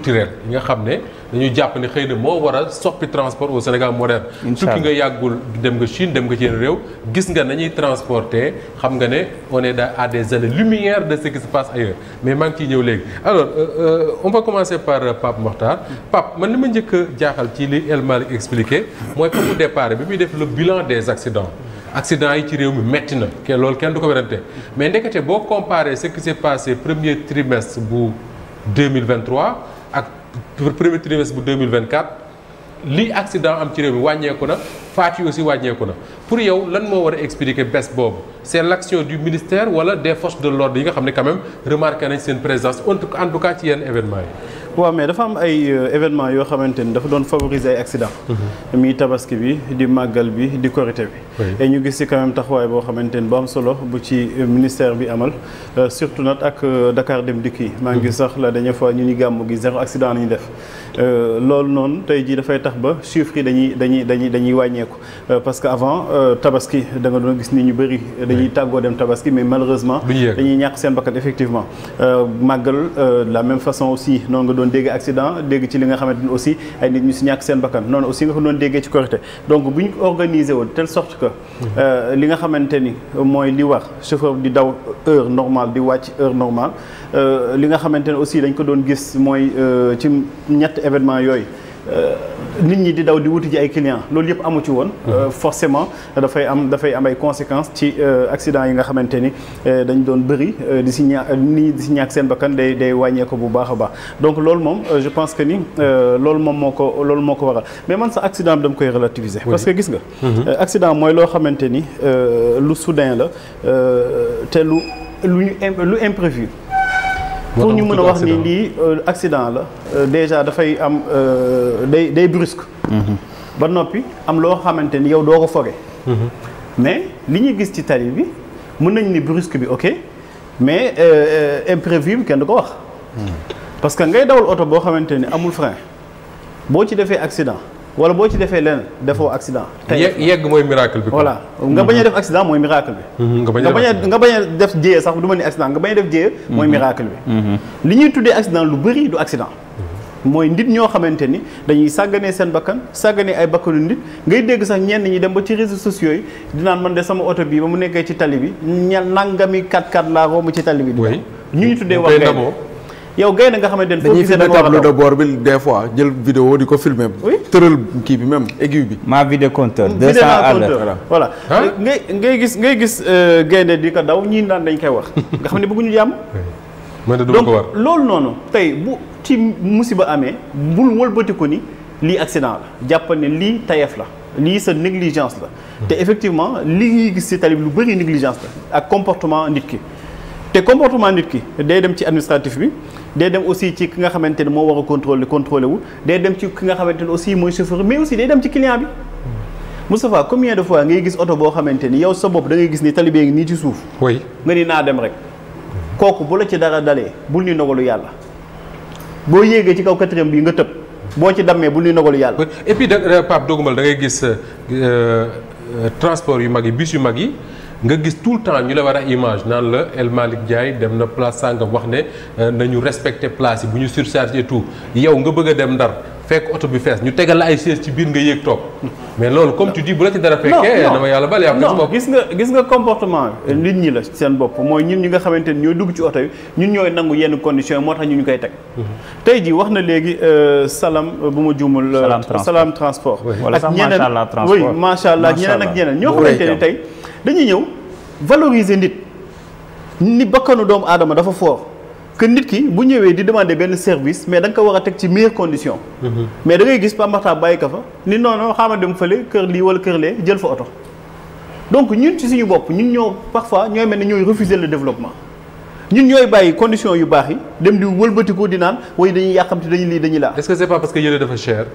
culturel yi nga xam ne dañu jàpp ne xëy na moo war a soppi transport au Sénégal moderne tukki nga yàggul dem nga Chine dem nga ci yenn réew gis nga nañuy transporte xam nga ne on est à des années lumière de ce qui se passe ailleurs mais maa ngi ciy ñëw léegi alors euh, euh on va commencer par euh, Pape Mokhtar Pape man li ma njëkk jaaxal ci li El Malick expliqué mooy pour mu départ bi muy def le bilan des accidents accident yi ci réew mi metti na ke loolu kenn du ko werante mais ndekete boo comparé ce qui s'est passé premier trimestre bu premier trimestre bu 2024 li accident am ci réew mi wàññeeku na faat yi aussi wàññeeku na pour yow lan moo war a expliquer baisse boobu c' est l' action du ministère wala des forces de l'ordre yi nga xam ne quand même remarqué nañ seen présence en tout cas ci yenn événement yi waaw mais dafa am ay euh, événement yoo xamante ni dafa doon favoriser ay accident mi mhm. tabaski bi di màggal bi di korité bi et ñu gis ci quand taxawaay boo xamante ni bu am solo bu ci euh, ministère bi amal euh, surtout nag ak Dakar dem dikk yi maa ngi mhm. sax la dernière fois ñu ñu gàmmu gi zéro accident nañu def Euh, loolu noonu tey jii dafay tax ba chiffres yi dañuy dañuy dañuy dañuy wàññeeku euh, parce que avant euh, tabaski da nga doon gis ni ñu bëri dañuy tàggoo dem tabaski mais malheureusement dañuy ñàkk seen bakkan effectivement màggal de la même façon aussi noonu nga doon dégg accident dégg ci li nga xamante ni aussi ay nit ñu si ñàkk seen bakkan noonu aussi nga ko doon déggee ci Korité donc bu ñu organisé woon telle sorte que li nga xamante ni mooy li war chauffeur di daw heure normale di wàcc heure normale li nga xamante ni aussi dañ ko doon gis mooy ci ñett événement yooyu euh, nit ñi di daw di wuti ji ay clients loolu yëpp amu ci woon. Euh, forcément dafay am dafay am ay conséquences ci euh, accident yi nga xamante ni dañu doon bëri di si ñaa nit di si ñàkk seen bakkan day wàññeeku bu baax a baax donc loolu moom je pense que ni loolu moom moo ko loolu moo ko waral mais man sa accident bi dam koy relativiser. parce que gis nga. Mhm. accident mooy loo xamante ni lu soudain la te lu lu ñu lu imprévu. pour ñu mën a wax ni lii euh, accident la euh, déjà dafay am euh, day day brusque mhm. ba noppi am loo xamante ni yow doo ko foge mhm. mais li ñuy gis ci tali bi mën nañ ni brusque bi ok mais imprévu bi kenn du ko wax mhm. parce que ngay dawal oto boo xamante ni amul frein boo ci defee accident wala boo ci defee lenn defoo accident. tey yegg mooy miracle bi. voilà nga bañ a mhm. def accident mooy miracle bi. Mhm, nga bañ a nga bañ a def jéye sax du ma ni accident def jéye. mooy mhm. miracle bi. li ñuy tuddee accident lu bëri du accident. mooy nit ñoo xamante ni dañuy sàgganee seen bakkan sàgganee ay bakkanu nit ngay dégg sax ñenn ñi dem ba ci réseaux sociaux yi dinaa man de sama oto bii ba mu nekkee ci tali bi ña nangami 4x4 laa romb ci tali bi. di ñu ñu tuddee wax yow gaynde nga xamante ne foo gisee dañuy fi tableau de bord bi des fois jël vidéo di ko filmer. oui tëral kii bi même aiguille bi. ma vidéo compteur 200 à l'heure voilà. ngay ngay gis ngay gis euh, gaynde di ko daw ñii naan dañ koy wax nga xam ne bëgguñu jàmm. mooy da duma ko war donc loolu noonu tey bu ci musiba amee bul wëlbati ko ni lii accident la jàpp ne lii tayef la. lii sa négligence la. Hmm. te effectivement li ñuy gis ci tali lu bëri négligence la ak comportement nit ki. te comportement nit ki day dem ci administratif bi day dem aussi ci ki nga xamante ne moo war a contrôler contrôler wu day dem ci ki nga xamante ne aussi mooy chauffeur mais aussi day dem ci client bi Moustapha combien de fois ngay gis oto boo xamante ni yow sa bopp da ngay gis ni talibé ngi nii ci suuf oui nga ni naa dem rek kooku bu la ci dara dalee bul ni ndogalu yàlla boo yéegee ci kaw quatrième bi nga tëb boo ci dammee bul ni ndogalu yàlla et puis euh, Pape Dogumal da ngay gis euh, euh, transport yu mag yi bus yu mag yi nga gis tout le temps ñu la war a image naan la El Malick jaay dem na place sàngam wax ne euh, nañu respecté place bu ñu surchargé tout yow nga bëgg dem ndar fekk oto bi fees ñu tegal la ay chaise ci biir nga yéeg toog mais loolu comme tu dis bu la ci dara fekkee dama yàlla bal yaa non gis nga gis nga comportement nit ñi la seen bopp mooy ñun ñi nga xamante ni ñoo dugg ci oto yi ñun ñooy nangu yenn conditions yi moo tax ñu ñu koy teg mhm. tey jii wax na léegi euh, salam euh, bu ma juumul salam transport ak ñeneen oui macha allah ñeneen ak ñeneen ñoo xamante ni tey dañuy ñëw valoriser nit ni bakkanu doomu aadama dafa fort que nit ki bu ñëwee di demande benn service mais da ko war a teg ci meilleure condition. Mhm. mais da ngay gis Pape Makhtar bàyyi ko fa ni non non xaaral dem fële kër lii wala kër lee jël fa oto. donc ñun ci suñu bopp ñun ñoo parfois ñooy mel ne ñooy refuser le développement ñun ñooy bàyyi condition yu baax yi dem di wëlbatiku di naan way dañuy yàqamti dañuy lii dañuy laa. est-ce que c'est pas parce que yële dafa cher.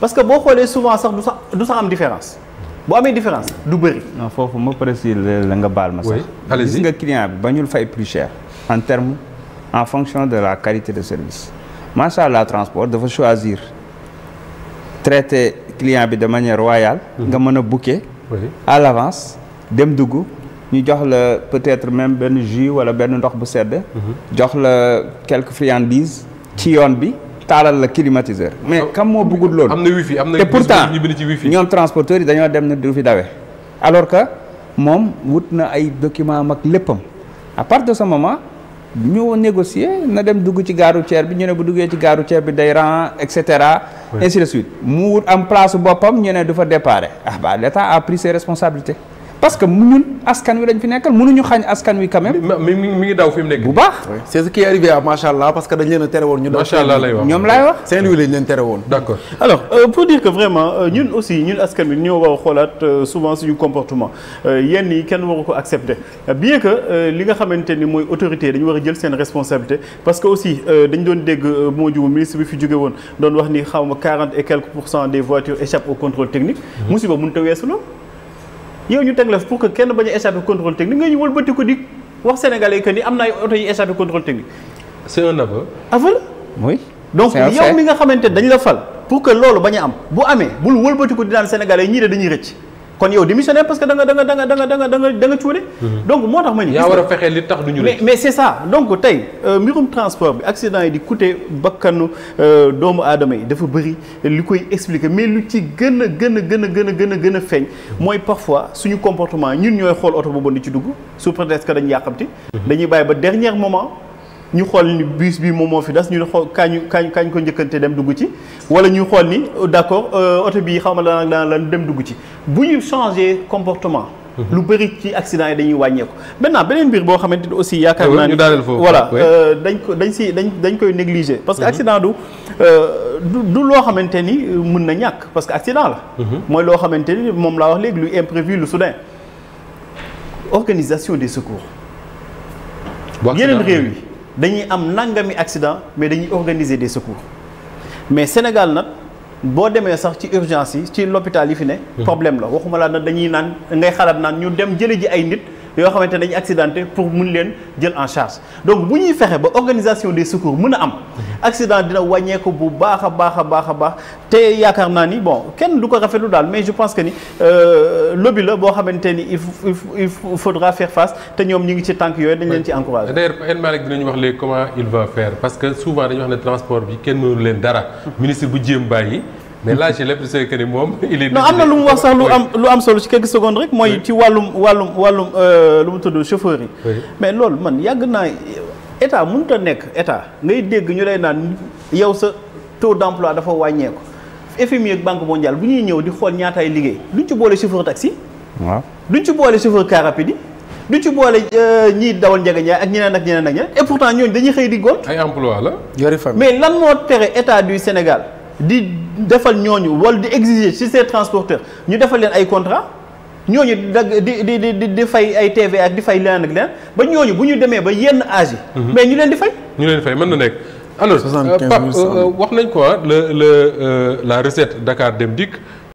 parce que boo xoolee souvent sax du sax du sax am différence. bu amee différence du bëri. foofu ma préciser la nga baal ma sax. gis nga client bi bañul fay plus cher. en terme en fonction de la qualité de service macha allah transport dafa choisir traité client bi de manière royale. Mhm. nga mën a booker. à l'avance dem dugg. ñu jox la peut-être même benn jus wala benn ndox bu sedd. Mhm. jox la quelque quelques friandises ci yoon bi. taalal la climatiseur mais ah. kam moo bëggul loolu am na wifi am na te pourtant ñoom transporteurs yi dañoo dem na du fi dawee alors que moom wut na ay document mag léppam à partir de ce moment ñu négocier na dem dugg ci gaaru ceer bi ñu ne bu duggee ci gaaru ceer bi day ran et cetera ainsi de suite mu wut am place boppam ñu ne du fa départ ah bah l' pris ses responsabilités parce que ñun askan wi dañ fi nekkal mënuñu xañ askan wi quand même. mi mi ngi daw fi mu nekk. bu baax. c'est ce qui est arrivé à allah parce que dañ leen a tere woon. ñu daw macha allah lay wax ñoom laay wax. Saint-Louis lañ leen tere woon. d'accord alors euh, pour dire que vraiment euh, ñun aussi ñun askan wi ñoo war a xoolaat euh, souvent suñu comportement euh, yenn yi kenn waru ko accepter bien que li nga xamante ni mooy autorité dañu wax jël seen responsabilité parce que aussi dañ doon dégg moo jiwu ministre fi jóge woon doon wax ni xaw ma quarante et quelques pour cent des voitures échappent mm-hmm. weesu loolu yow ñu teg la pour que kenn bañ a échappé contrôle technique nga ñu wëlbati ko di wax sénégalais que ni am na oto yi échappé contrôle technique. c'est un aveu. aveu la donc yow mi nga xamante dañ la fal pour que loolu bañ a am bu amee bul wëlbati ko di daan sénégalais ñii de dañuy rëcc. kon yow démissionnaire parce que da nga da nga da nga da nga da nga da mhm. donc moo tax ma ni yaa war li tax duñu mais c'est ça donc tey euh, mbirum transport bi accident yi di coûter bakkanu euh, doomu aadama yi dafa bëri li koy expliquer mais lu ci gën a gën a gën a gën a gën a gën a feeñ mooy parfois suñu comportement ñun ñooy xool oto bu bon di ci dugg sous prétexte que dañu yàqamti mhm. dañuy bàyyi ba dernier moment ñu xool ni bus bi moom moo fi des ñu ne xool kañu kañ kañ ko njëkkante dem dugg ci wala ñu xool ni d'accord euh, oto bi xaw ma lan ak lan dem dugg ci bu ñu changé comportement. Mhm. lu bëri ci accident yi dañuy wàññeeku. maintenant beneen mbir boo xamante ni aussi yaakaar eh naa ni voilà euh, dañ ko dañ si dañ dañ koy négliger. parce que mhm. accident euh, du du loo xamante ni mun na ñàkk parce que accident la. Mhm. mooy loo xamante ni moom laa wax léegi lu imprévu lu soudain organisation des secours. yeneen réew yi. dañuy am nangami accident mais dañuy organiser des secours mais Sénégal nag boo demee sax ci urgence yi ci l'hôpital yi fi ne hmm. problème la waxuma laa nag dañuy naan ngay xalaat naan ñu dem jële ji ay nit yoo xamante dañu accidenté pour mun leen jël en charge donc bu ñuy fexe ba organisation des secours mën a am accident dina wàññeeku bu baax a baax a baax a baax te yaakaar naa ni bon kenn du ko rafetu daal mais je pense que ni euh, lobby la boo xamante ni il il faudra face te ñoom ñu ngi ci tànk yooyu dañ leen ci encouragé. d'ailleurs El Malick wax léegi comment il va faire parce que souvent dañu wax ne transport bi kenn mënul leen dara hmm. ministre bu jéem bàyyi mais là j'ai l'impression que ni moom il est. am na lu mu wax sax lu am lu am solo ci quelques secondes rek. mooy ci wàllum wàllum wàllum euh, lu mu tudd chauffeur yi. mais loolu man yàgg naa état mënut a nekk état ngay dégg ñu lay naan yow sa taux emplois dafa wàññeeku. FMI ak Banque mondiale bu ñuy ñëw di xool ñaatay liggéey duñ ci boole chauffeur taxi. waaw duñ ci boole chauffeur car rapide yi. duñ ci boole euh, ñii dawal njëga ñaay ak ñeneen ak ñeneen ak ñeneen et pourtant ñooñu dañu xëy di gont. emploi la. yori famille mais lan moo tere état du Sénégal. di defal ñooñu wala di exiger ci ces transporteurs ñu defal leen ay contrat ñooñu dagg di di di di fay ay TV ak di fay leneen ak leen ba ñooñu bu ñu demee ba yenn âge yi. Mhm. mais ñu leen di fay. ñu leen di fay mën na nekk. alors Pape euh, euh, wax nañ quoi le le euh, la recette Dakar Dem Dikk.